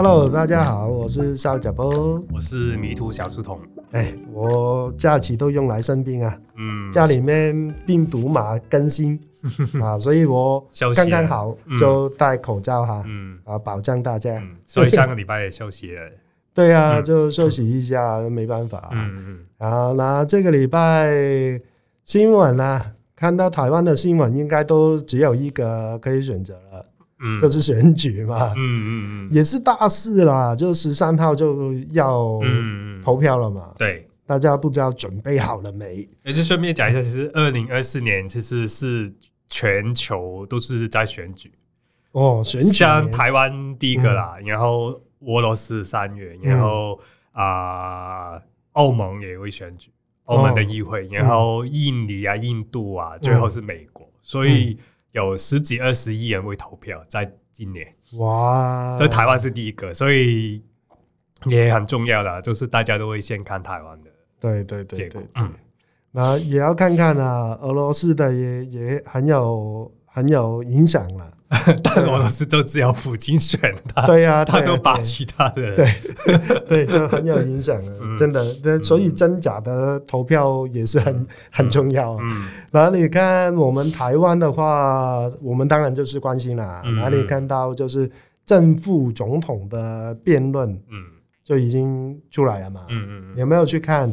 Hello，大家好，我是邵甲波，我是迷途小書童、嗯哎。我假期都用來生病啊，嗯，家裡面病毒嘛更新、嗯、啊，所以我休息剛剛好就戴口罩哈、啊，嗯啊，保障大家。嗯、所以上個禮拜也休息了。 對啊，就休息一下，沒辦法、啊。嗯，嗯嗯。啊，那這個禮拜新聞啊，看到台灣的新聞，應該都只有一個可以選擇了。嗯，就是選舉嘛，嗯嗯嗯，也是大事啦，就十三號就要投票了嘛，對，大家不知道準備好了沒？而且順便講一下，其實二零二四年其實是全球都是在選舉。哦，選舉，像台灣第一個啦，然後俄羅斯三月，然後啊，歐盟也會選舉，歐盟的議會，然後印尼啊、印度啊，最後是美國，所以。有十幾二十億人會投票在今年，哇！所以台灣是第一個，所以也很重要的，就是大家都會先看台灣的結果，對對，對對對對，嗯，那也要看看啊，俄羅斯的也也很有很有影響啦。 但俄羅斯都只有普京選他，對呀，他都把其他的，對對，這很有影響了、 嗯、真的。所以真假的投票也是很很重要。嗯，那、嗯、你看我們台灣的話，我們當然就是關心啦。那、嗯、你看到就是正副總統的辯論，嗯，就已經出來了嘛。嗯嗯，嗯嗯有沒有去看？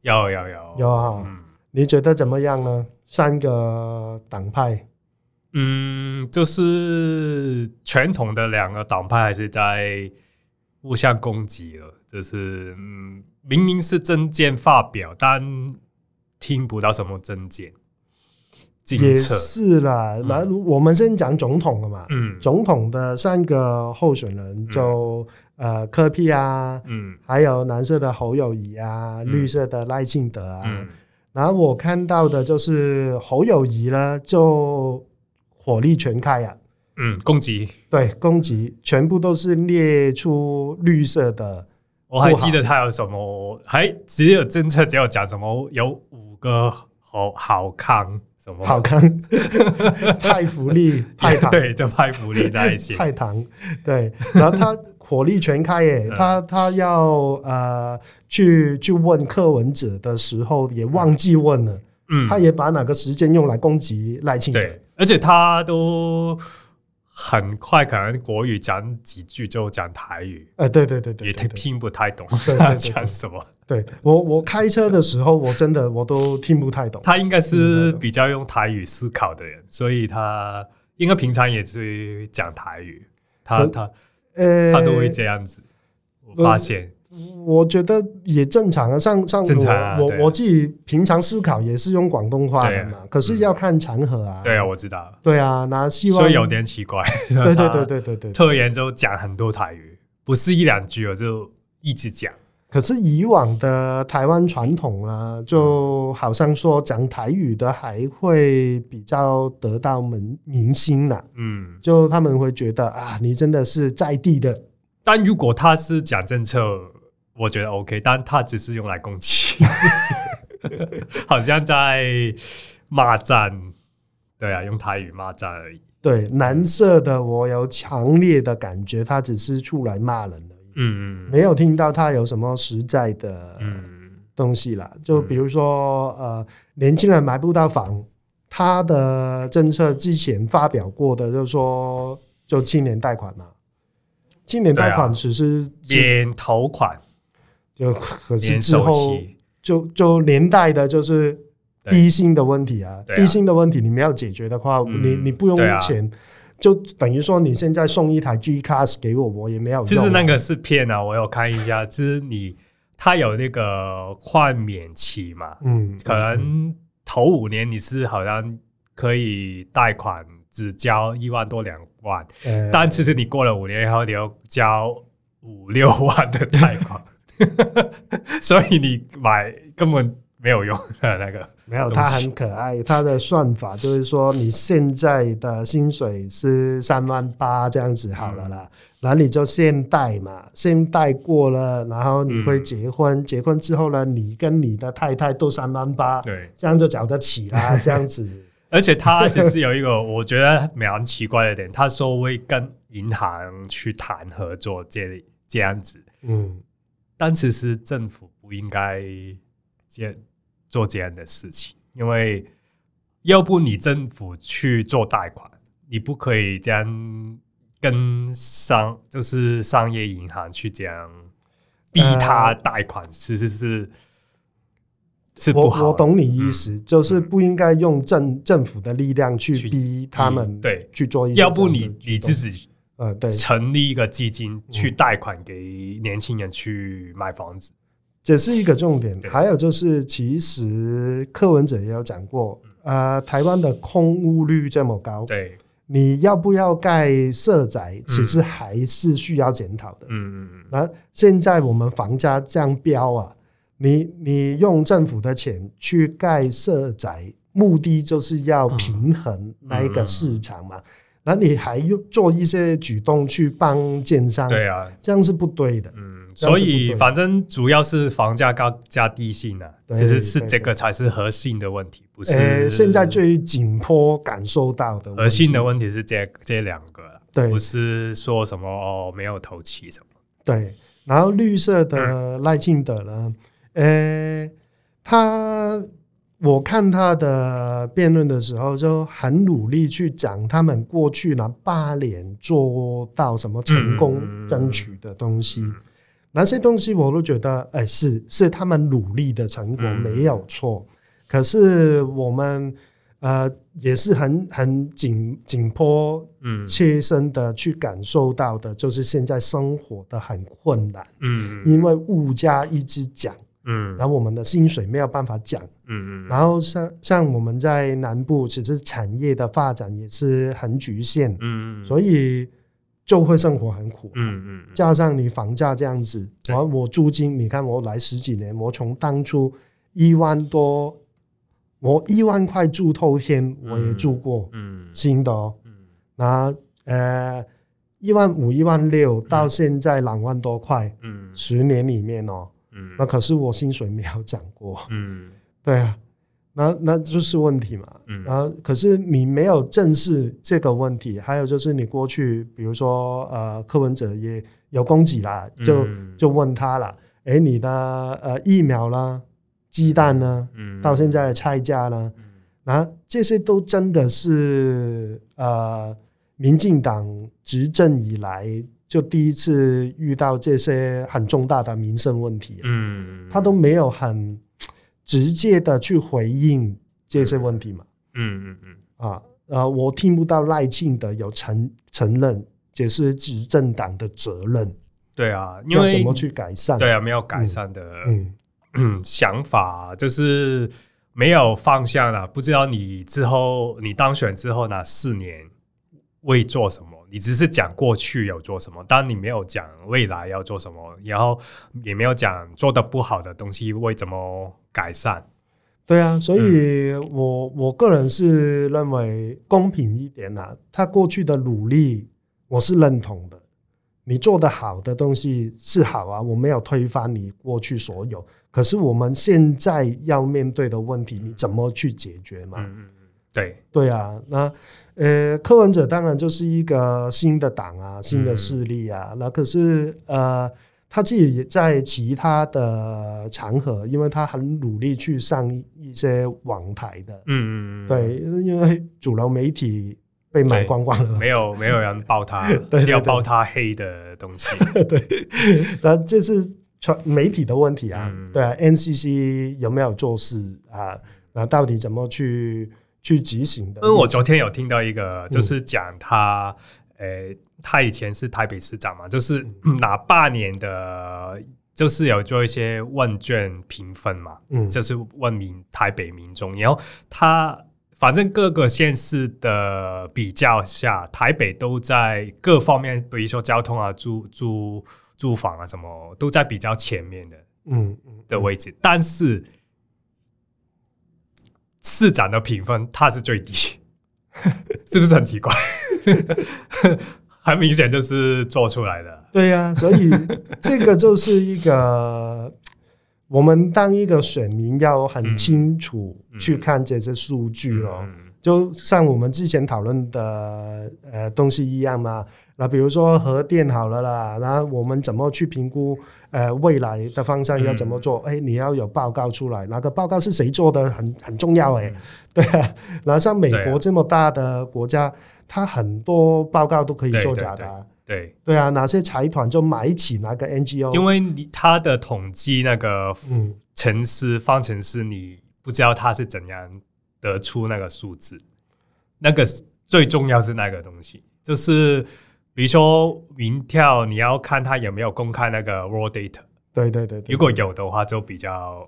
有有有有啊，你覺得怎麼樣呢？三個黨派。嗯，就是傳統的兩個黨派還是在互相攻擊了。就是，嗯、明明是政見發表，但聽不到什麼政見。也是啦，那、嗯、我們先講總統了嘛。嗯，總統的三個候選人就、嗯、呃，柯 P 啊，嗯，還有藍色的侯友宜啊，嗯、綠色的賴清德啊。嗯、然後我看到的就是侯友宜呢，就。火力全開啊！嗯，攻擊對攻擊，全部都是列出綠色的。我還記得他有什麼，還只有政策只要講什麼有五個好好康什麼好康，派福利派 對，就派福利那些派糖對。然後他火力全開耶， 他他要呃去去問柯文哲的時候也忘記問了。嗯，他也把哪個時間用來攻擊賴清德。對而且他都很快，可能國語講幾句就講台語。哎，對對對對，也聽不太懂他講什麼。對，我我開車的時候，我真的我都聽不太懂。他應該是比較用台語思考的人，所以他應該平常也是講台語。他他呃，他，他都會這樣子，我發現。我覺得也正常啊，像像，我、啊啊、我，我自己平常思考也是用廣東話的嘛，對啊，可是要看場合啊。嗯、對啊，我知道。對啊，那希望所以有點奇怪。 對，對，對，對對對對對對。特研就講很多台語，不是一兩句，我就一直講。可是以往的台灣傳統啊，就好像說講台語的還會比較得到門民心吶。嗯，就他們會覺得啊，你真的是在地的。但如果他是講政策。我覺得 OK，但他只是用來攻擊， 好像在罵戰。對啊，用台語罵戰而已。對，藍色的我有強烈的感覺，他只是出來罵人的。嗯嗯，沒有聽到他有什麼實在的、嗯呃、東西啦。就比如說，嗯、呃，年輕人買不到房，他的政策之前發表過的，就是說，就青年貸款嘛。青年貸款只是、啊、免頭款。就可是之後，就就連帶的就是低薪的問題啊，低薪的問題，你沒有解決的話，你你不用錢，就等於說你現在送一台 G Class 給我，我也沒有。其實那個是騙啊，我有看一下。就是你，它有那個換免期嘛，嗯，可能頭五年你是好像可以貸款只交一萬多兩萬，但其實你過了五年以後，你要交五六萬的貸款。 所以你買根本沒有用，那個沒有他很可愛。他的算法就是說，你現在的薪水是三萬八這樣子好了啦，嗯、然後你就先貸嘛，先貸過了，然後你會結婚，嗯、結婚之後呢，你跟你的太太都三萬八，對，這樣就繳得起啦，這樣子。 而且他其實是有一個我覺得蠻奇怪的點， 他說會跟銀行去談合作，這這樣子，嗯。但其實政府不應該這樣做這樣的事情，因為要不你政府去做貸款，你不可以這樣跟商就是商業銀行去這樣逼他貸款。其實、呃、是是，是不好，我，我懂你意思，嗯、就是不應該用政、嗯、政府的力量去逼他們，對，去做一對，要不你你自己，呃，對，成立一個基金去貸款給年輕人去買房子。嗯，這是一個重點。對還有就是，其實柯文哲也有講過，對呃，台灣的空屋率這麼高，對，你要不要蓋社宅，其實還是需要檢討的。嗯嗯嗯。那現在我們房價這樣飆啊，你你用政府的錢去蓋社宅，目的就是要平衡那一個市場嘛。嗯嗯那你還要做一些舉動去幫建商？對啊，這樣是不對的。嗯，所以反正主要是房價高加低性呢，其實是這個才是核心的問題，不是？呃、欸，現在最緊迫感受到的核心的問題是這這兩個，對不是說什麼哦，沒有投機什麼。對，然後綠色的賴清德呢？呃、嗯欸，他。我看他的辯論的時候，就很努力去講他們過去那八年做到什麼成功爭取的東西，嗯嗯、那些東西我都覺得，哎、欸，是是他們努力的成果、嗯、沒有錯。可是我們呃也是很很緊緊迫、切身的去感受到的，嗯、就是現在生活的很困難，嗯、因為物價一直漲。嗯，然後我們的薪水沒有辦法漲，嗯嗯，然後像像我們在南部，其實產業的發展也是很局限，嗯嗯，所以就會生活很苦、啊嗯，嗯嗯，加上你房價這樣子，我、嗯、我租金，你看我來十幾年，我從當初一萬多，我一萬塊住透天我也住過，嗯，新的、哦，嗯，那呃一萬五一萬六到現在兩萬多塊，嗯，十年裡面哦。嗯，那可是我薪水沒有漲過。嗯，對啊，那那就是問題嘛。嗯，啊，可是你沒有正視這個問題，還有就是你過去，比如說呃，柯文哲也有供給啦，就、嗯、就問他了，哎、欸，你的呃疫苗啦，雞蛋呢？嗯，嗯到現在的菜價呢？嗯，那、啊、這些都真的是呃，民進黨執政以來。就第一次遇到這些很重大的民生問題，嗯，他都沒有很直接的去回應這些問題嘛，嗯，嗯嗯嗯，嗯、啊、啊、呃，我聽不到賴清德有承承認這是執政黨的責任，對啊，因為怎麼去改善、啊？對啊，沒有改善的嗯，嗯嗯， 想法就是沒有方向了、啊。不知道你之後你當選之後那四年會做什麼？你只是講過去有做什麼，但你沒有講未來要做什麼，然後也沒有講做得不好的東西會怎麼改善。對啊，所以我、嗯、我個人是認為公平一點啊。他過去的努力，我是認同的。你做得好的東西是好啊，我沒有推翻你過去所有。可是我們現在要面對的問題，你怎麼去解決嘛？嗯對對啊，那呃，柯文哲當然就是一個新的黨啊，新的勢力啊。嗯、那可是呃，他自己也在其他的場合，因為他很努力去上一些網台的，嗯嗯對，因為主流媒體被買光光了，沒有沒有人爆他，就要爆他黑的東西。 對，那這是傳媒體的問題啊。嗯、對啊，NCC 有沒有做事啊？那到底怎麼去？去執行的，因為我昨天有聽到一個，就是講他，呃、嗯欸，他以前是台北市長嘛，就是哪八年的，就是有做一些問卷評分嘛，嗯，就是問民台北民眾，然後他反正各個縣市的比較下，台北都在各方面，比如說交通啊、住住住房啊什麼，都在比較前面的，嗯嗯的位置，但是。市長的評分，他是最低，是不是很奇怪？ 很明顯就是做出來的。對呀、啊，所以這個就是一個，我們當一個選民要很清楚去看這些數據囉。就像我們之前討論的呃東西一樣嘛。啊，比如說核電好了啦，那我們怎麼去評估？呃，未來的方向要怎麼做？誒、嗯欸，你要有報告出來，哪、那個報告是誰做的很很重要誒、欸，嗯、對、啊。然後像美國這麼大的國家，嗯、它很多報告都可以作假的，對對，對，對，對啊，嗯、哪些財團就買起哪個 NGO，因為你它的統計那個嗯，程式、方程式，你、嗯、不知道它是怎樣得出那個數字，那個最重要是那個東西就是。比如說民調，你要看他有沒有公開那個 raw data。對對對,對,對,對，如果有的話，就比較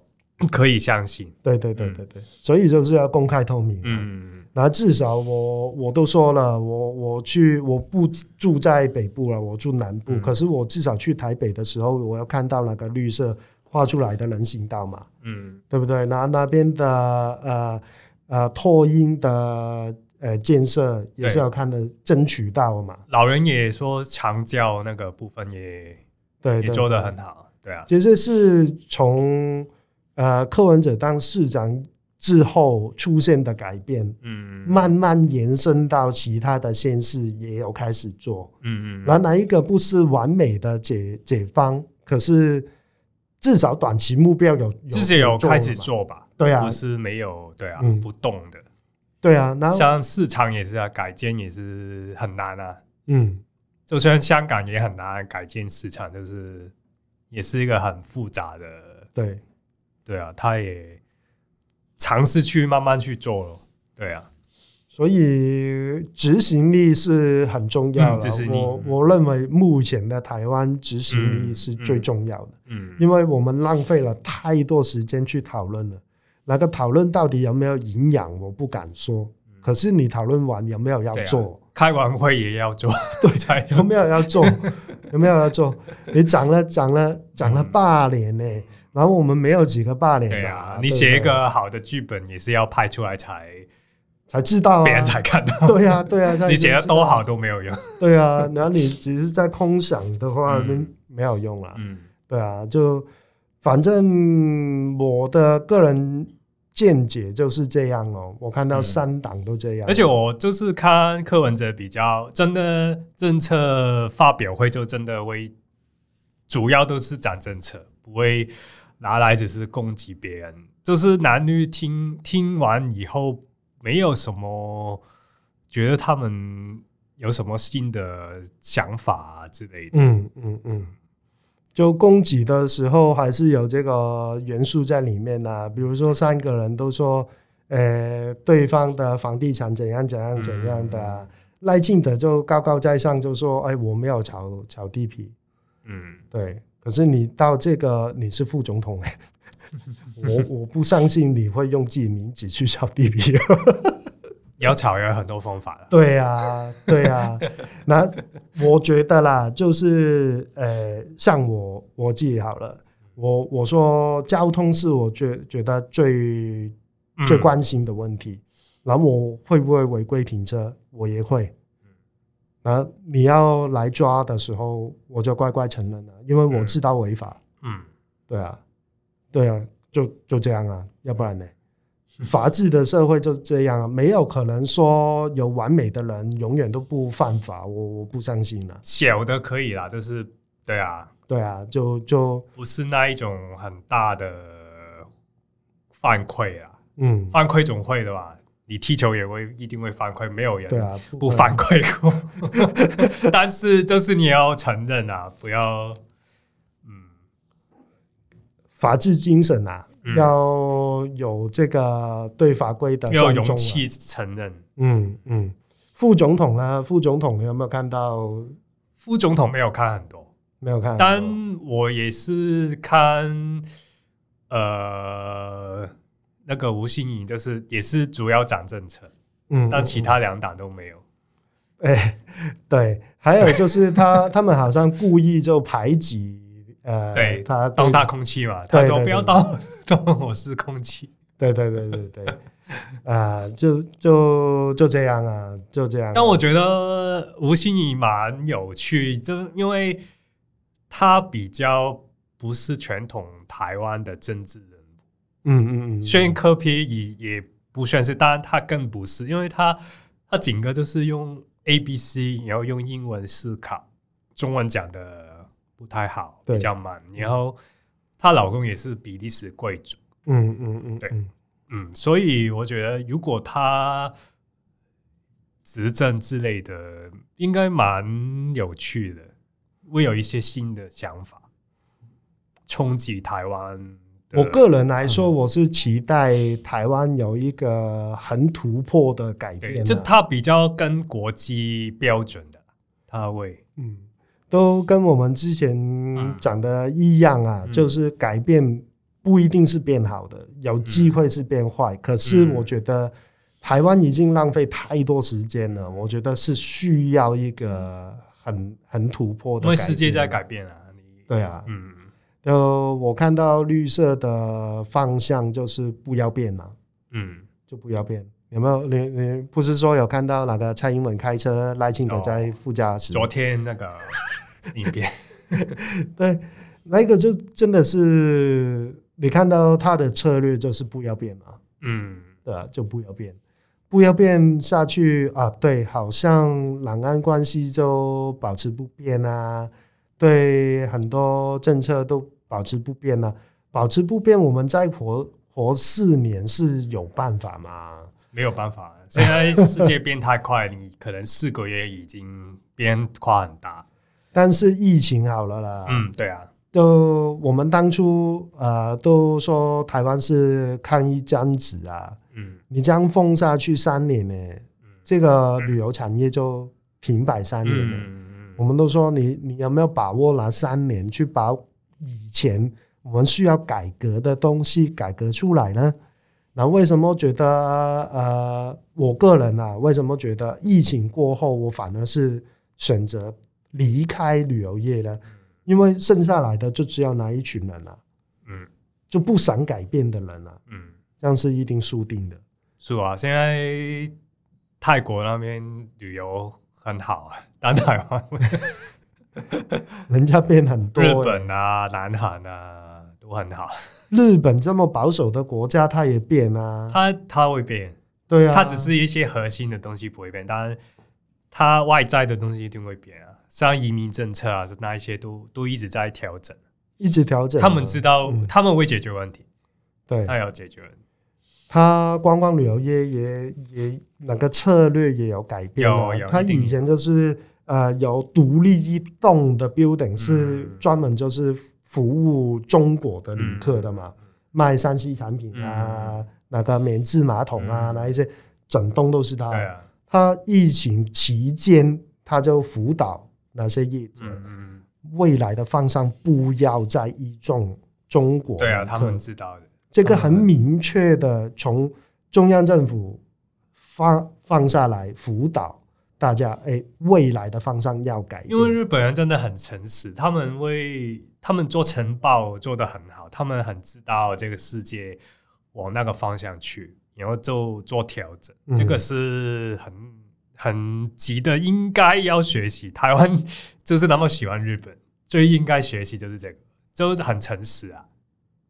可以相信。對對對對對,對，嗯、所以就是要公開透明。嗯，那至少我我都說了，我我去我不住在北部了，我住南部。嗯、可是我至少去台北的時候，我要看到那個綠色畫出來的人行道嘛。嗯，對不對？那那邊的呃呃拓印的。呃呃呃，建設也是要看的，爭取到嘛。老人也說，長照那個部分也對，對，對，也做得很好。對啊，其實是從呃柯文哲當市長之後出現的改變，嗯，嗯，慢慢延伸到其他的縣市，也有開始做。嗯，嗯嗯，原來一個不是完美的解解方，可是至少短期目標有，至少有，有開始做吧？對啊，不是沒有，對啊，嗯、不動的。對啊，那像市場也是啊，改建也是很難啊。嗯，就像香港也很難改建市場，就是也是一個很複雜的。對，對啊，他也嘗試去慢慢去做。對啊，所以執行力是很重要的。嗯，我我認為目前的台灣執行力是最重要的。嗯，嗯嗯，因為我們浪費了太多時間去討論了。那個討論到底有沒有營養，我不敢說。可是你討論完有沒有要做？開完會也要做，對才有，有沒有要做？ 有沒有要做？你講了講了講了八年呢，欸，嗯、然後我們沒有幾個八年。對，你寫一個好的劇本也是要拍出來才才知道，啊，別人才看到啊。對啊，對啊， 你寫的多好都沒有用。 對啊，然後你只是在空想的話，就沒有用啦，啊嗯。嗯，對啊，就反正我的個人。見解就是這樣哦、喔，我看到三黨都這樣、嗯。而且我就是看柯文哲比較真的政策發表會，就真的會主要都是講政策，不會拿來只是攻擊別人。就是男女聽聽完以後，沒有什麼覺得他們有什麼新的想法之類的嗯。嗯嗯嗯。就攻擊的時候還是有這個元素在裡面啊，比如說三個人都說，呃、欸，對方的房地產怎樣怎樣怎樣的、啊，賴清，嗯嗯、德就高高在上就說，哎、欸，我沒有炒炒地皮，嗯，對。可是你到這個你是副總統、欸， 我我不相信你會用自己名字去炒地皮。 要吵也有很多方法的。對啊，對啊。 那我覺得啦，就是呃，像我我自己好了，我我說交通是我覺覺得最最關心的問題。然後我會不會違規停車？我也會。那你要來抓的時候，我就乖乖承認了，因為我知道違法。嗯，對啊，對啊，就就這樣啊，要不然呢？法治的社會就是這樣，沒有可能說有完美的人永遠都不犯法，我我不相信了、啊。小的可以啦，就是對啊，對啊，對啊，就就不是那一種很大的犯規啊。嗯，犯規總會的吧？你踢球也會一定會犯規，沒有人不犯規過、啊、 但是就是你要承認啊，不要嗯，法治精神啊。要有這個對法規的要有勇氣承認。嗯嗯，副總統呢？副總統你有沒有看到？副總統沒有看很多，沒有看。但我也是看，呃，那個吳欣盈就是也是主要講政策。嗯，但其他兩黨都沒有。哎，對，還有就是他他們好像故意就排擠，呃，對他當大空氣嘛，他說不要當。 我是空氣，對對對對對， 啊，就就就這樣啊，就這樣，啊。但我覺得吳欣怡蠻有趣，就因為他比較不是傳統台灣的政治人物，嗯。嗯嗯，雖然柯 P 也也不算是，當然他更不是，因為他他整個就是用 A B C，然後用英文思考，中文講得不太好，比較慢，對然後。她老公也是比利時貴族，嗯嗯嗯，嗯嗯對，嗯，所以我覺得如果她執政之類的，應該蠻有趣的，會有一些新的想法，衝擊台灣。我個人來說，嗯，我是期待台灣有一個很突破的改變啊，就它比較跟國際標準的，它會，嗯。都跟我們之前講的一樣啊，嗯、就是改變不一定是變好的，嗯、有機會是變壞。嗯、可是我覺得台灣已經浪費太多時間了，嗯、我覺得是需要一個很、嗯、很突破的。因為世界在改變啊你，你對啊，嗯，就我看到綠色的方向就是不要變啊，嗯，就不要變。有沒有你，你不是說有看到那個蔡英文開車，賴清德在副駕駛？哦？昨天那個。 應變， 對，那個就真的是你看到他的策略就是不要變嘛，啊，嗯，對，啊，就不要變，不要變下去啊，對，好像兩岸關係就保持不變啊，對，很多政策都保持不變啊，保持不變，我們再活活四年是有辦法嗎？沒有辦法，現在世界變太快， 你可能四個月已經變化很大。但是疫情好了啦，嗯，對啊，就我們當初啊、呃，都說台灣是抗疫僵子啊，嗯，你這樣封下去三年呢、欸，嗯、這個旅遊產業就停擺三年了，嗯，我們都說你你有沒有把握拿三年去把以前我們需要改革的東西改革出來呢？那為什麼覺得呃，我個人啊，為什麼覺得疫情過後我反而是選擇？離開旅遊業呢，因為剩下來的就只有那一群人了、啊，嗯，就不想改變的人了、啊，嗯，這樣是一定輸定的，是啊，現在泰國那邊旅遊很好啊，但台灣 人家變很多、欸，日本啊、南韓啊都很好，日本這麼保守的國家，它也變啊，它它會變，對啊，它只是一些核心的東西不會變，當然它外在的東西一定會變啊。像移民政策啊，這那一些都都一直在調整，一直調整。他們知道，他們會解決問題，對，他要解決。他觀光旅遊業也也那個策略也有改變，他以前就是呃有獨立一棟的 building 是專門就是服務中國的旅客的嘛，賣三 C 產品啊，那個免治馬桶啊，那一些整棟都是他。他疫情期間他就輔導。那些業者。嗯嗯，未來的方向不要再倚重中、中國。對啊，是他們知道的。這個很明確的，從中央政府放放下來輔導大家。哎，未來的方向要改。因為日本人真的很誠實，他們為他們做晨報做得很好，他們很知道這個世界往那個方向去，然後就做、做調整。這個是很。嗯很急的，應該要學習。台灣就是那麼喜歡日本，最應該學習就是這個，就是很誠實啊。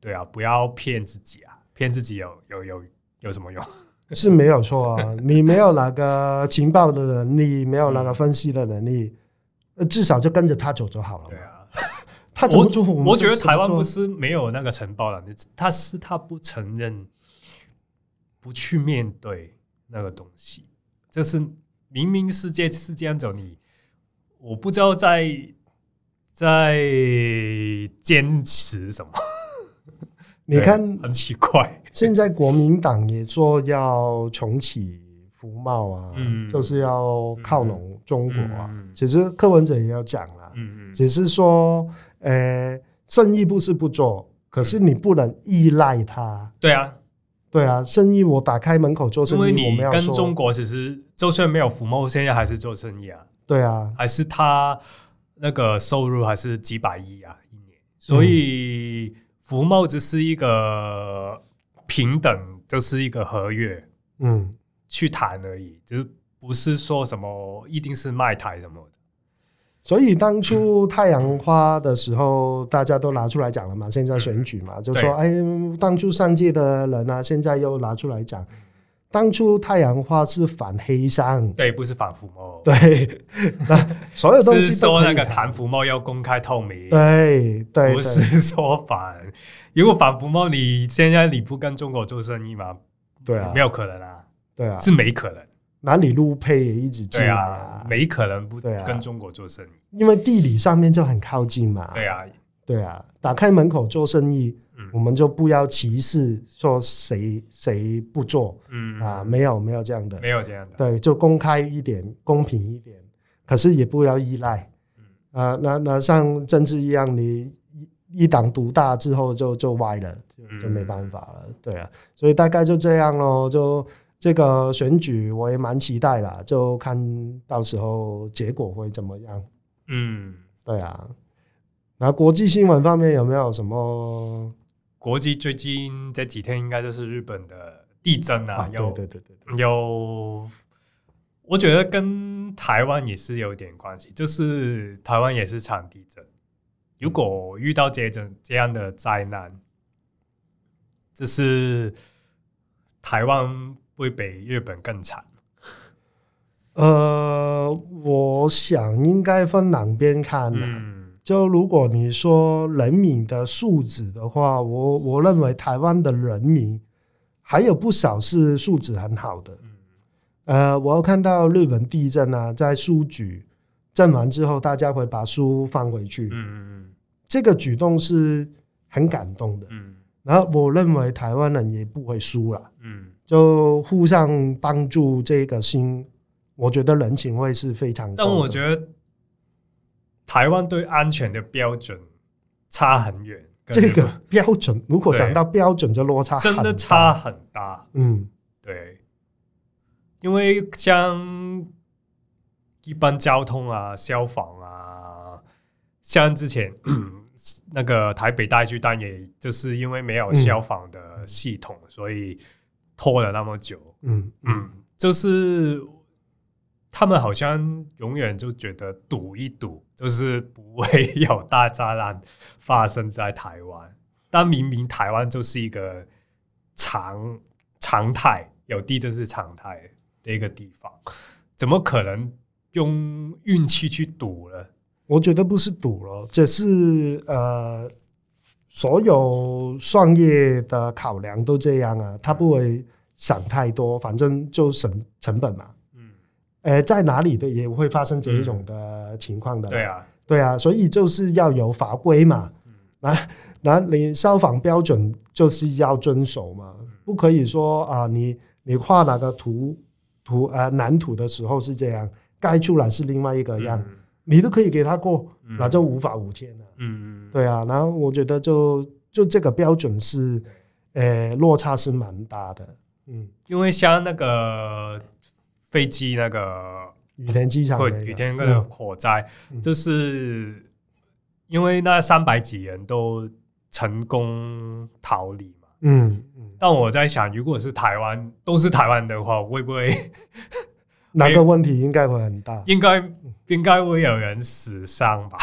對啊，不要騙自己啊，騙自己有有有有什麼用？是沒有錯啊。 你沒有那個情報的人，你沒有那個分析的能力，至少就跟着他走就好了。對啊， 他怎麼我走我，我覺得台灣不是沒有那個情報了，他是他不承認，不去面對那個東西，就是。明明世界是這樣走你，你我不知道在在堅持什麼。你看，很奇怪。現在國民黨也說要重啟服貿啊，嗯、就是要靠攏中國啊。嗯嗯、其實柯文哲也要講了，嗯嗯嗯、只是說，呃、欸，生意不是不做，可是你不能依賴他。嗯、對啊，對啊，生意我打開門口做生意，我要跟中國，其實。就算沒有服貿，現在還是做生意啊？對啊，還是他那個收入還是幾百億啊一年，嗯、所以服貿只是一個平等，就是一個合約，嗯，去談而已，就是不是說什麼一定是賣台什麼的。所以當初太陽花的時候，嗯、大家都拿出來講了嘛，現在選舉嘛，就說、嗯、哎，當初上屆的人啊，現在又拿出來講。當初太陽花是反黑箱，對，不是反服貿，對，那 所有東西都以是說那個談服貿要公開透明，對，對，對不是說反。如果反服貿，你現在你不跟中國做生意嗎？對啊，沒有可能啊，對啊，是沒可能。哪裡路配也一直進啊，啊，沒可能不跟中國做生意，啊、因為地理上面就很靠近嘛，對啊，對啊，打開門口做生意。我們就不要歧視說誰誰不做，嗯啊，沒有沒有這樣的，沒有這樣的，對，就公開一點，公平一點，可是也不要依賴，嗯啊，那那像政治一樣，你一黨獨大之後就就歪了，就就沒辦法了，嗯、對啊，所以大概就這樣咯。就這個選舉我也蠻期待啦，就看到時候結果會怎麼樣，嗯，對啊，那國際新聞方面有沒有什麼？國際最近這幾天應該就是日本的地震啊，有，我覺得跟台灣也是有點關係，就是台灣也是常地震。如果遇到這種、嗯、這樣的災難，就是台灣會比日本更慘？呃，我想應該分兩邊看的、啊。嗯就如果你說人民的素質的話，我我認為台灣的人民還有不少是素質很好的。呃，我看到日本地震啊，在書局震完之後，大家會把書放回去。嗯，這個舉動是很感動的。然後我認為台灣人也不會輸了。嗯，就互相幫助這個心，我覺得人情味是非常的。但我覺得。台灣對安全的標準差很遠，這個標準對如果講到標準就落差很大，真的差很大。嗯，對，因為像一般交通啊、消防啊，像之前、嗯、那個台北大巨蛋，也就是因為沒有消防的系統，嗯、所以拖了那麼久。嗯嗯，就是。他們好像永遠就覺得賭一賭，就是不會有大災難發生在台灣。但明明台灣就是一個常常態有地震是常態的一個地方，怎麼可能用運氣去賭呢？我覺得不是賭了，只是呃，所有創業的考量都這樣啊。他不會想太多，反正就省成本嘛。誒、欸，在哪裡的也會發生這一種的情況的、嗯。對啊，對啊，所以就是要有法規嘛，那那、嗯、你消防標準就是要遵守嘛，不可以說啊，你你畫哪個圖圖呃藍圖的時候是這樣，蓋出來是另外一個樣，嗯、你都可以給他過，那、嗯、就無法無天了。嗯嗯，對啊，然後我覺得就就這個標準是，誒、呃，落差是蠻大的。嗯，因為像那個。飛機那個羽田機場，羽田那個火災，就是因為那三百幾人都成功逃離嘛。嗯，但我在想，如果是台灣，都是台灣的話，會不會那個問題應該會很大？應該應該會有人死傷吧？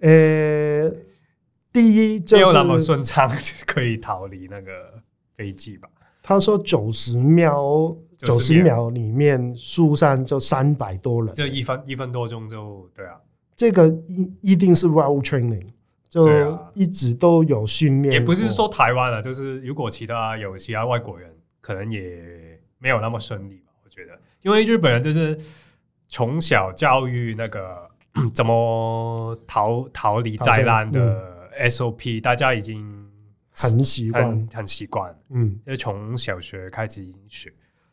呃，第一沒有那麼順暢可以逃離那個飛機吧？嗯，他說九十秒。九十秒裡面，疏散就三百多人。就一分一分多鐘就對啊，這個一一定是 well training，就對啊，一直都有訓練。也不是說台灣了，就是如果其他有其他外國人，可能也沒有那麼順利吧？我覺得，因為日本人就是從小教育那個怎麼逃逃離災難的 SOP，嗯，大家已經很習慣，很習慣。嗯，就從小學開始已經學。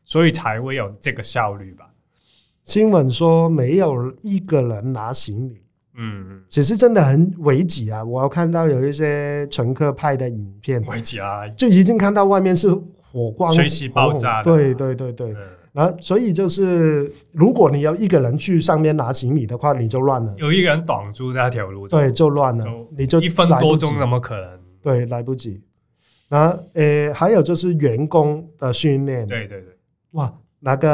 所以才會有這個效率吧？新聞說沒有一個人拿行李，嗯，其實真的很危急啊！我看到有一些乘客拍的影片，危急啊，就已經看到外面是火光、隨時爆炸的，啊，對對對對。嗯、然後，所以就是如果你要一個人去上面拿行李的話，你就亂了。有一個人擋住那條路，對，就亂了，你就一分多鐘，怎麼可能？對，來不及。然後呃、欸，還有就是員工的訓練，對對對。哇，那個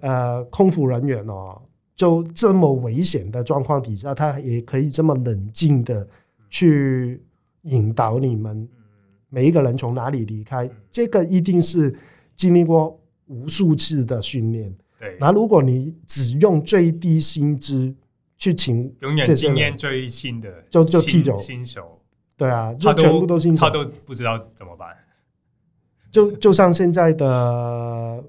呃空服人員哦、喔，就這麼危險的狀況底下，他也可以這麼冷靜的去引導你們每一個人從哪裡離開，這個一定是經歷過無數次的訓練。對，那如果你只用最低薪資去請，永遠經驗最新的新就就替補新、新手，對啊，他都全部都是他都不知道怎麼辦。就就像現在的，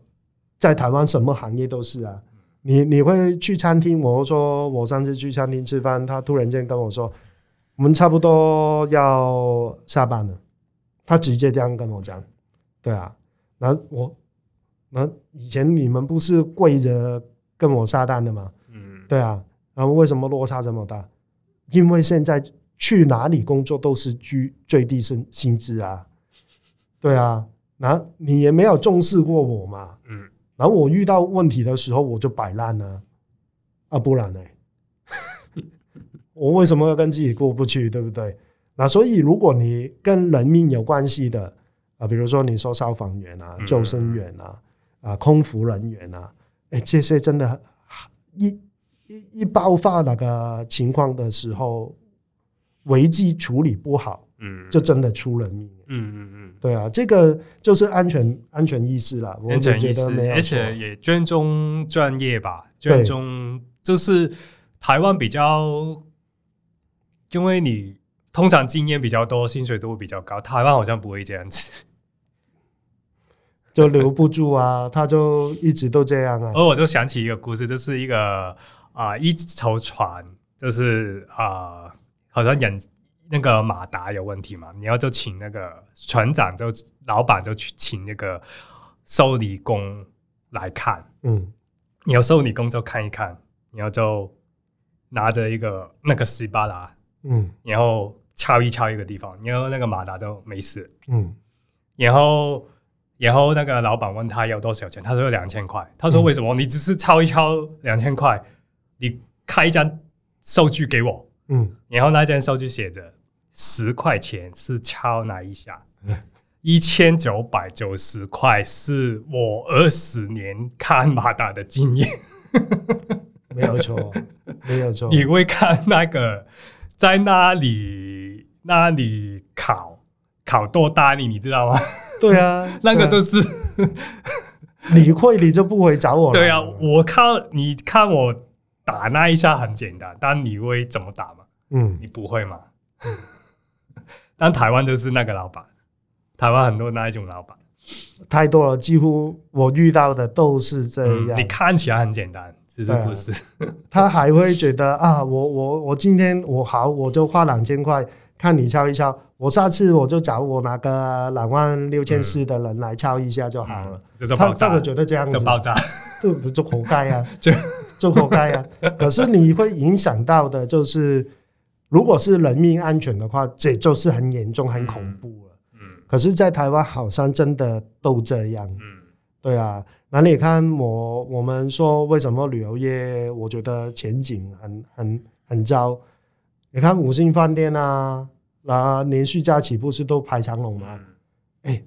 在台灣什麼行業都是啊你。你你會去餐廳？我說我上次去餐廳吃飯，他突然間跟我說，我們差不多要下班了。他直接這樣跟我講，對啊，然後。那我那以前你們不是跪着跟我撒蛋的嗎？嗯，對啊。然後為什麼落差這麼大？因為現在去哪裡工作都是居最低薪薪資啊，對啊。那、啊、你也沒有重視過我嘛。嗯。然後我遇到問題的時候，我就擺爛了、啊，啊，不然呢？ 我為什麼要跟自己過不去？對不對？那、啊、所以，如果你跟人命有關係的啊，比如說你說消防員啊、救生員啊、嗯、啊空服人員啊，哎，這些真的一，一一一爆發那個情況的時候，危機處理不好，嗯，就真的出人命嗯。嗯嗯嗯。對啊，這個就是安全安全意識啦。安全意識啦全意，而且也尊重專業吧，尊重對就是台灣比較，因為你通常經驗比較多，薪水都會比較高。台灣好像不會這樣子，就留不住啊， 他就一直都這樣啊。而我就想起一個故事，就是一個啊，一艘船，就是啊，好像講。那個馬達有問題嘛？然後就請那個船長，就老闆就去請那個修理工來看。嗯，然後修理工就看一看，然後就拿着一個那個士巴拿，嗯，然後敲一敲一個地方，然後那個馬達就沒事。嗯，然後然後那個老闆問他要多少錢，他說兩千塊。他說為什麼？你只是敲一敲兩千塊，你開一張收據給我。嗯，然後那張收據寫着。十塊錢是敲哪一下？一千九百九十塊是我二十年看馬達的經驗，沒有錯，沒有錯。你會看那個在那裡？那裡考考多大力？你你知道嗎？對啊，那個就是你會，你就不會找我？對啊，我靠！你看我打那一下很簡單，但你會怎麼打嗎？嗯，你不會嗎？但台灣就是那個老闆，台灣很多那一種老闆太多了，幾乎我遇到的都是這樣，嗯。你看起來很簡單，其實不是啊。他還會覺得 啊，我我我今天我好，我就花兩千塊看你敲一敲。我下次我就找我拿個兩萬六千四的人來敲一下就好了。嗯，這種爆炸，覺得這樣子這種爆炸， 就就活該啊，就 就活該啊。可是你會影響到的，就是。如果是人民安全的話，這就是很嚴重、很恐怖了。嗯，嗯可是，在台灣好像真的都這樣。嗯，對啊。那你看我，我我們說為什麼旅遊業，我覺得前景很、很、很糟。你看五星飯店啊，那、啊、連續假期不是都排長龍嗎？哎、嗯欸，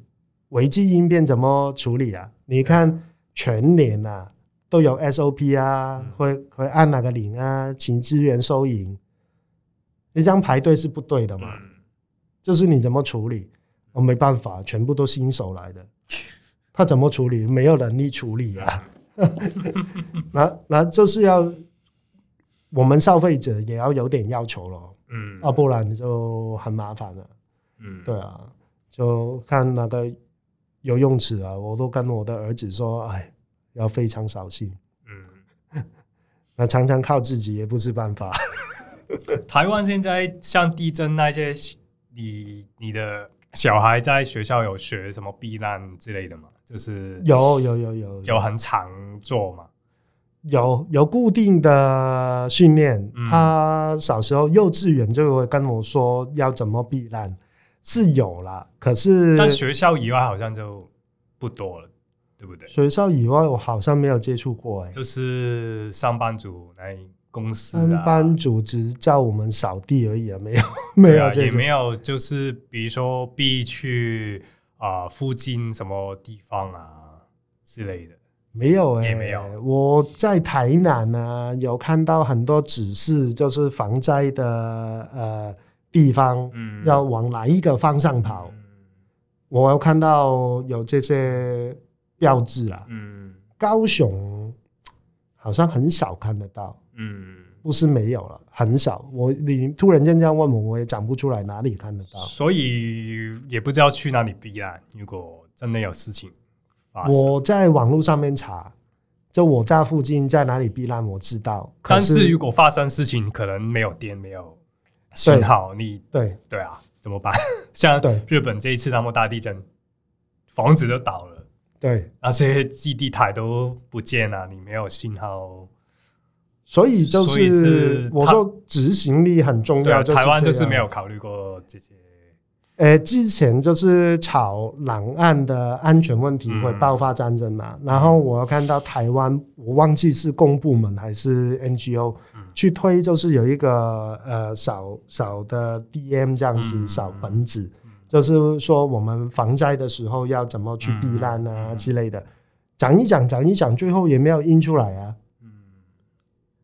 危機應變怎麼處理啊？你看全年啊，都有 SOP 啊，嗯、會會按哪個領啊，請資源收銀。你這樣排隊是不對的嘛？嗯、就是你怎麼處理？我、哦、沒辦法，全部都新手來的，他怎麼處理？沒有能力處理啊。 那那就是要我們消費者也要有點要求咯。嗯，啊，不然就很麻煩了。嗯，對啊，就看那個游泳池啊，我都跟我的兒子說，哎，要非常小心。嗯， 那常常靠自己也不是辦法。 台灣現在像地震那些你，你你的小孩在學校有學什麼避難之類的嗎？就是有有有有有很常做嘛，有有,有,有,有,有,有固定的訓練。訓練嗯、他小時候幼稚園就會跟我說要怎麼避難，是有啦。可是，但學校以外好像就不多了，對不對？學校以外我好像沒有接觸過、欸，哎，就是上班族來。公司分、啊、班組織叫我們掃地而已啊，沒有，啊、沒有，也沒有，就是比如說必去啊、呃、附近什麼地方啊之類的，嗯、沒有、欸、也沒有。我在台南呢、啊，有看到很多指示，就是防災的呃地方，嗯，要往哪一個方向跑，嗯、我有看到有這些標誌啦、啊，嗯，高雄好像很少看得到。嗯，不是沒有了，很少。我你突然間這樣問我，我也講不出來哪裡看得到，所以也不知道去哪裡避難。如果真的有事情，我在網絡上面查，就我家附近在哪裡避難，我知道。可是，但是如果發生事情，可能沒有電，沒有信號。對你對對啊，怎麼辦？ 像日本這一次那麼大地震，房子都倒了，對，那些基地台都不見了、啊，你沒有信號。所以就是我說執行力很重要，就台灣就是沒有考慮過這些。呃，之前就是炒兩岸的安全問題會爆發戰爭嘛，然後我看到台灣，我忘記是公部門還是 NGO 去推，就是有一個呃小小的 DM 這樣子小本子，就是說我們防災的時候要怎麼去避難啊之類的，講一講講一講，最後也沒有印出來啊。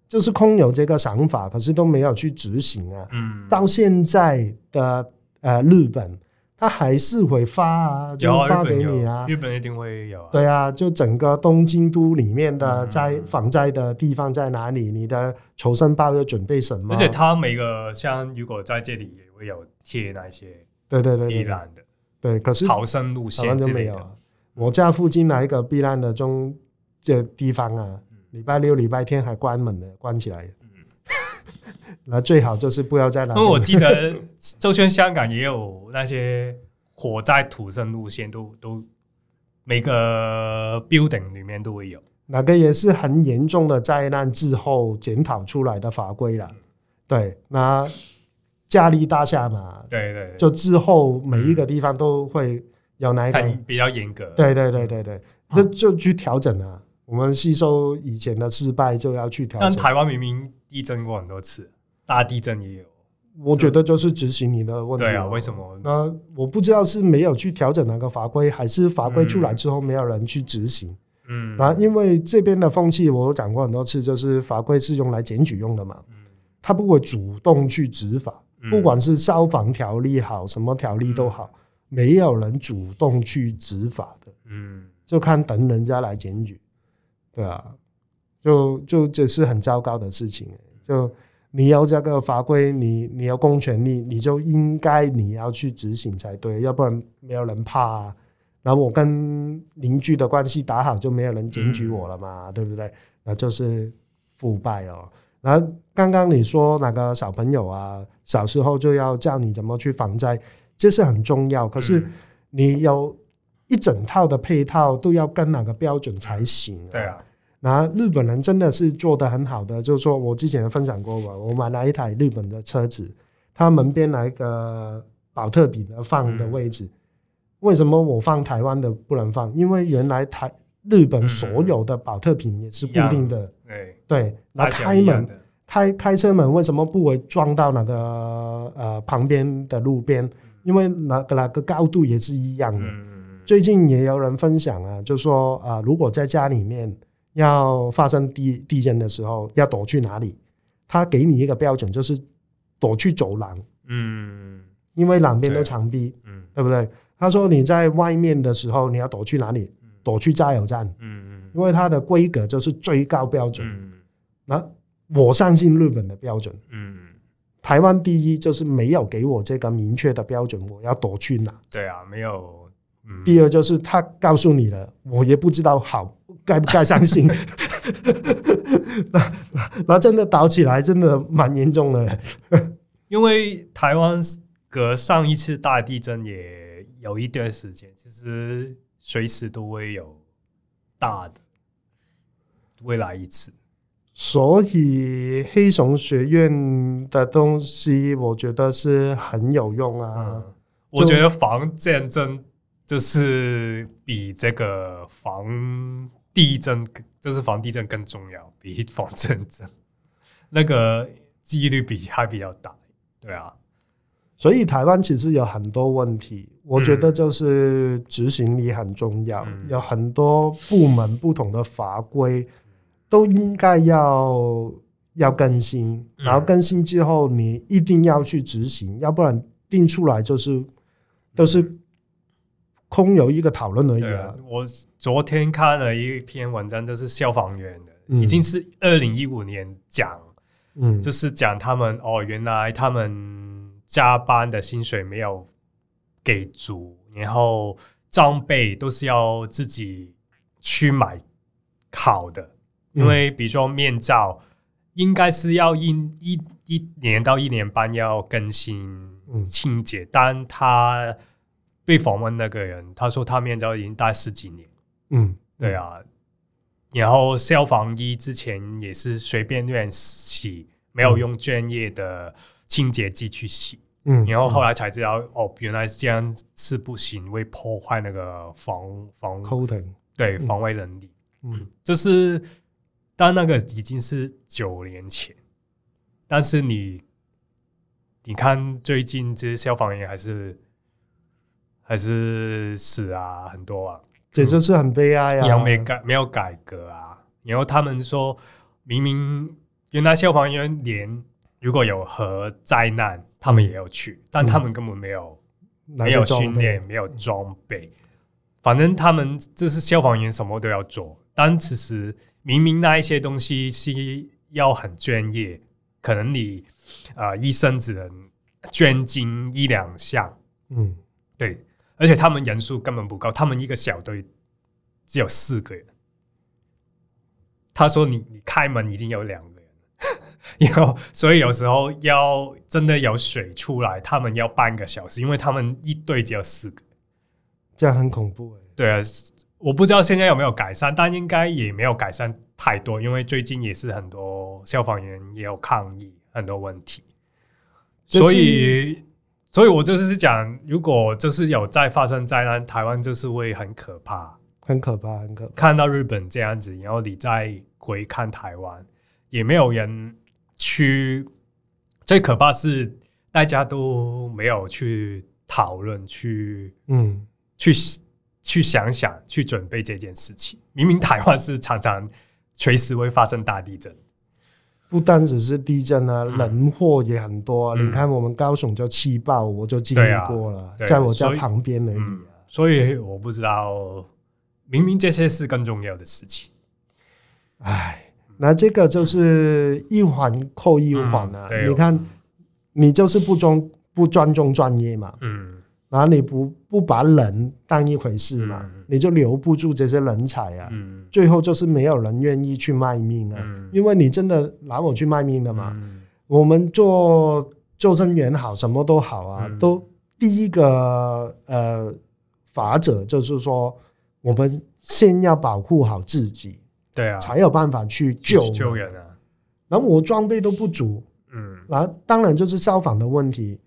就是空有這個想法，可是都沒有去執行啊。嗯，到現在的呃日本，他還是會發啊，就會發給你啊，有啊，日本有。日本一定會有啊。對啊，就整個東京都裡面的災防災的地方在哪裡？你的求生包要準備什麼？而且他每個像如果在這裡也會有貼那些，對對對，避難的，對，可是逃生路線就沒有啊。我家附近哪一個避難的中這地方啊？禮拜六、禮拜天還關門的，關起來的。嗯、 那最好就是不要再讓、嗯、我記得，周圈香港也有那些火災逃生路線，都都每個 building 裡面都會有。那個也是很嚴重的災難之後檢討出來的法規了。嗯、對，那嘉利大廈嘛，對對、嗯，就之後每一個地方都會有哪一個比較嚴格？對對對對對，這、嗯、就，就去調整啊。我們吸收以前的失敗，就要去調整。但台灣明明地震過很多次，大地震也有。我覺得就是執行你的問題。對啊，為什麼？我不知道是沒有去調整那個法規，還是法規出來之後沒有人去執行。嗯，啊，因為這邊的風氣，我講過很多次，就是法規是用來檢舉用的嘛。嗯，他不會主動去執法，嗯、不管是消防條例好，什麼條例都好，嗯、沒有人主動去執法的。嗯，就看等人家來檢舉。對啊，就就這是很糟糕的事情。就你有這個法規，你你有公權力，你就應該你要去執行才對，要不然沒有人怕啊。然後我跟鄰居的關係打好，就沒有人檢舉我了嘛，嗯。對不對？那就是腐敗哦。然後剛剛你說那個小朋友啊，小時候就要教你怎麼去防災，這是很重要。可是你有一整套的配套，都要跟那個標準才行啊。嗯？對啊。那日本人真的是做得很好的，就是說我之前分享過吧，我買了一台日本的車子，它門邊那個寶特瓶的放的位置，為什麼我放台灣的不能放？因為原來臺日本所有的寶特瓶也是固定的，對來那開門開開車門為什麼不會撞到那個呃旁邊的路邊？因為那個那個高度也是一樣的。最近也有人分享啊，就是說啊、呃，如果在家裡面。要發生地地震的時候，要躲去哪裡？他給你一個標準，就是躲去走廊。嗯，因為兩邊都長壁，嗯，對不對？他說你在外面的時候，你要躲去哪裡？躲去加油站。嗯嗯，嗯因為它的規格就是最高標準。嗯，那我相信日本的標準。嗯，台灣第一就是沒有給我這個明確的標準，我要躲去哪？對啊，沒有。嗯，第二就是他告訴你了，我也不知道好。該不該相信？那 那真的倒起來，真的蠻嚴重的。因為台灣隔上一次大地震也有一段時間，其實隨時都會有大的未來一次。所以黑熊學院的東西，我覺得是很有用啊。嗯、就 我覺得防戰爭就是比這個防。地震就是防地震更重要，比防震震那個幾率比還比較大，對啊。所以台灣其實有很多問題，嗯、我覺得就是執行力很重要。嗯、有很多部門不同的法規都應該要、嗯、要更新，然後更新之後你一定要去執行，嗯、要不然定出來就是都、就是。空有一個討論而已啊！我昨天看了一篇文章，就是消防員的，嗯、已經是二零一五年講，嗯，就是講他們哦，原來他們加班的薪水沒有給足，然後裝備都是要自己去買好的，因為比如說面罩，應該是要一一一年到一年半要更新清潔，嗯、但他。被訪問那個人，他說他面罩已經戴十幾年。嗯，嗯對啊。然後消防衣之前也是隨便亂洗，沒有用專業的清潔劑去洗。嗯。然後後來才知道，嗯、哦，原來是這樣，是不行，會破壞那個防防。廷對防衛能力。嗯。嗯。就是，但那個已經是九年前。但是你，你看最近這些消防員還是還是死啊，很多啊，嗯，簡直是很悲哀啊，嗯、沒改，沒有改革啊。然後他們說明明原來消防員連如果有核災難，他們也要去，但他們根本沒有、嗯、沒有訓練，沒有裝備。反正他們這是消防員什麼都要做，但其實明明那一些東西是要很專業，可能你啊、呃、醫生只能專精一兩項，嗯，對。而且他們人數根本不夠，他們一個小隊只有四個人。他說你：“你你開門已經有兩個人了，有 所以有時候要真的有水出來，他們要半個小時，因為他們一隊只有四個人，這樣很恐怖欸。對啊，我不知道現在有沒有改善，但應該也沒有改善太多，因為最近也是很多消防員也有抗議，很多問題，所以。所以，我就是講，如果就是有再發生災難，台灣就是會很可、很可怕，很可怕，很可怕。看到日本這樣子，然後你再回看台灣，也沒有人去。最可怕是大家都沒有去討論，去嗯，去去想想，去準備這件事情。明明台灣是常常隨時會發生大地震。不單只是地震啊，人禍也很多、啊。嗯、你看我們高雄就氣爆，我就經歷過了，啊、在我家旁邊而已、啊所嗯。所以我不知道，明明這些是更重要的事情。哎，那這個就是一環扣一環啊。嗯、你看，哦、你就是不尊不尊重專業嘛。嗯。然後你不不把人當一回事嘛，嗯、你就留不住這些人才啊，嗯、最後就是沒有人願意去賣命啊，嗯、因為你真的拿我去賣命的嘛。嗯、我們做救生員好，什麼都好啊，嗯、都第一個呃法則，就是說，我們先要保護好自己，對啊，才有辦法去救救人啊。然後我裝備都不足，嗯，然後當然就是消防的問題。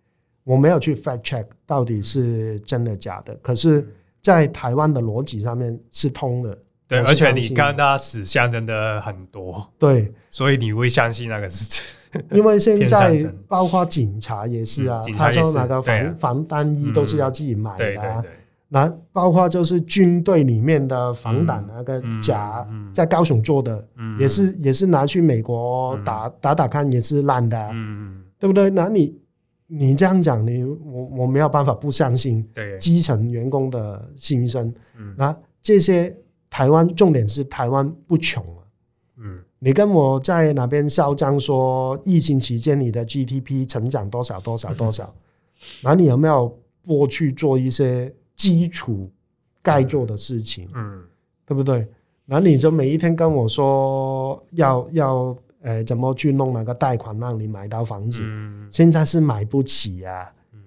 我沒有去 fact check，到底是真的假的？可是，在台灣的邏輯上面是通的。對，而且你看他死相真的很多，對，所以你會相信那個事情。因為現在包括警察也是啊，他說那個防防彈衣都是要自己買的。那包括就是軍隊裡面的防彈那個甲，在高雄做的，也是也是拿去美國打打打看，也是爛的。嗯對不對？那你。你這樣講，你我我沒有辦法不相信基層員工的心聲。耶那這些台灣重點是台灣不窮、啊嗯、你跟我在那邊囂張說，疫情期間你的 GDP 成長多少多少多少？那、嗯、你有沒有過去做一些基礎該做的事情？嗯、對不對？那你就每一天跟我說要、嗯、要。呃，怎麼去弄那個貸款讓你買到房子？嗯、現在是買不起啊，嗯、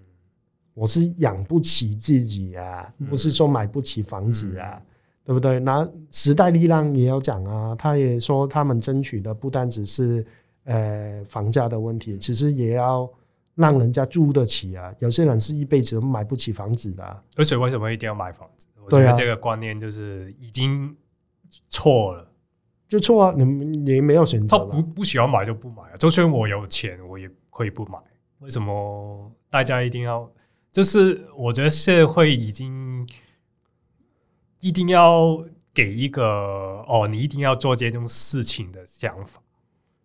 我是養不起自己啊，嗯、不是說買不起房子啊，嗯嗯、啊對不對？那時代力量也要講啊，他也說他們爭取的不單只是呃房價的問題，其實也要讓人家住得起啊。有些人是一輩子都買不起房子的，啊，而且為什麼一定要買房子？對，這個觀念就是已經錯了。就錯啊！你你沒有選擇，擇。他不不喜歡買就不買啊。就算我有錢，我也可以不買。為什麼大家一定要？就是我覺得社會已經一定要給一個哦，你一定要做這種事情的想法。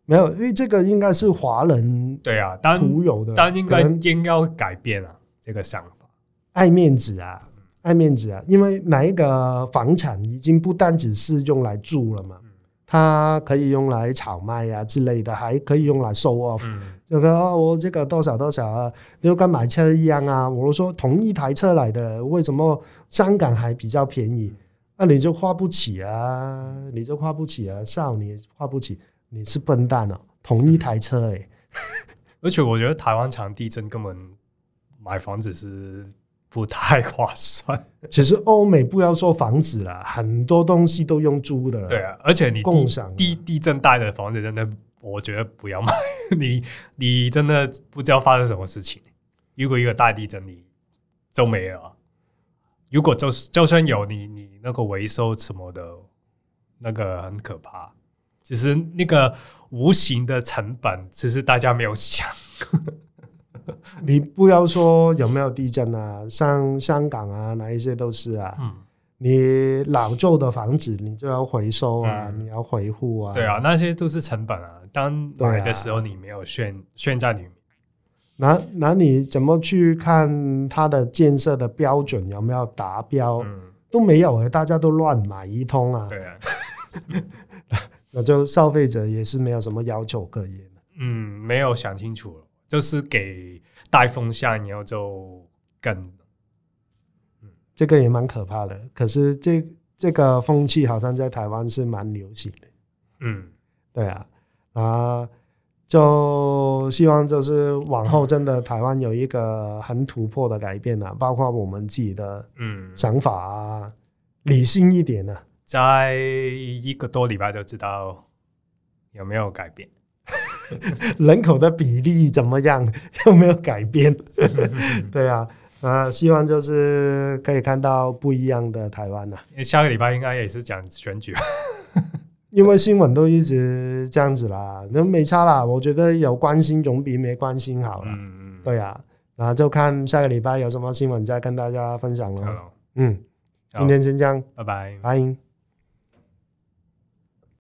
沒有，因為這個應該是華人主的對啊，獨有。當然應該應該要改變啊，這個想法。愛面子啊，嗯、愛面子啊，因為買一個房產已經不單只是用來住了嘛。嗯它可以用來炒賣呀、啊、之類的，還可以用來 show off 這個我這個多少多少啊，就跟買車一樣啊。我說同一台車來的，為什麼香港還比較便宜？那、啊、你就花不起啊，你就花不起啊，少年花不起，你是笨蛋啊！同一台車哎、欸，而且我覺得台灣場地震根本買房子是。不太划算。其實歐美不要說房子了，很多東西都用租的。對啊，而且你共享地地震帶的房子，真的我覺得不要買。你你真的不知道發生什麼事情。如果一個大地震你，你都沒了。如果就就算有你，你那個維修什麼的，那個很可怕。其實那個無形的成本，其實大家沒有想。 你不要說有沒有地震啊，像香港啊，哪一些都是啊。嗯、你老舊的房子，你就要回收啊，嗯、你要回戶啊。對啊，那些都是成本啊。當買的時候，你沒有炫在，啊、你。那那你怎麼去看它的建設的標準有沒有達標？嗯，都沒有啊，欸，大家都亂買一通啊。對啊，嗯、 那就消費者也是沒有什麼要求可言。嗯，沒有想清楚。就是給帶風向，然後就跟，嗯，這個也蠻可怕的。可是這這個風氣好像在台灣是蠻流行的。嗯，對啊，啊、呃，就希望就是往後真的台灣有一個很突破的改變呢、啊，包括我們自己的嗯想法啊，嗯、理性一點的、啊，再一個多禮拜就知道有沒有改變。 人口的比例怎麼樣？有 沒有改變？ 對啊、呃，希望就是可以看到不一樣的台灣、啊、下個禮拜應該也是講選舉 因為新聞都一直這樣子啦，那沒差啦。我覺得有關心總比沒關心好了。嗯嗯，對啊、呃，就看下個禮拜有什麼新聞再跟大家分享了、哦。Hello. 嗯，Ciao. 今天先這樣，拜拜，拜。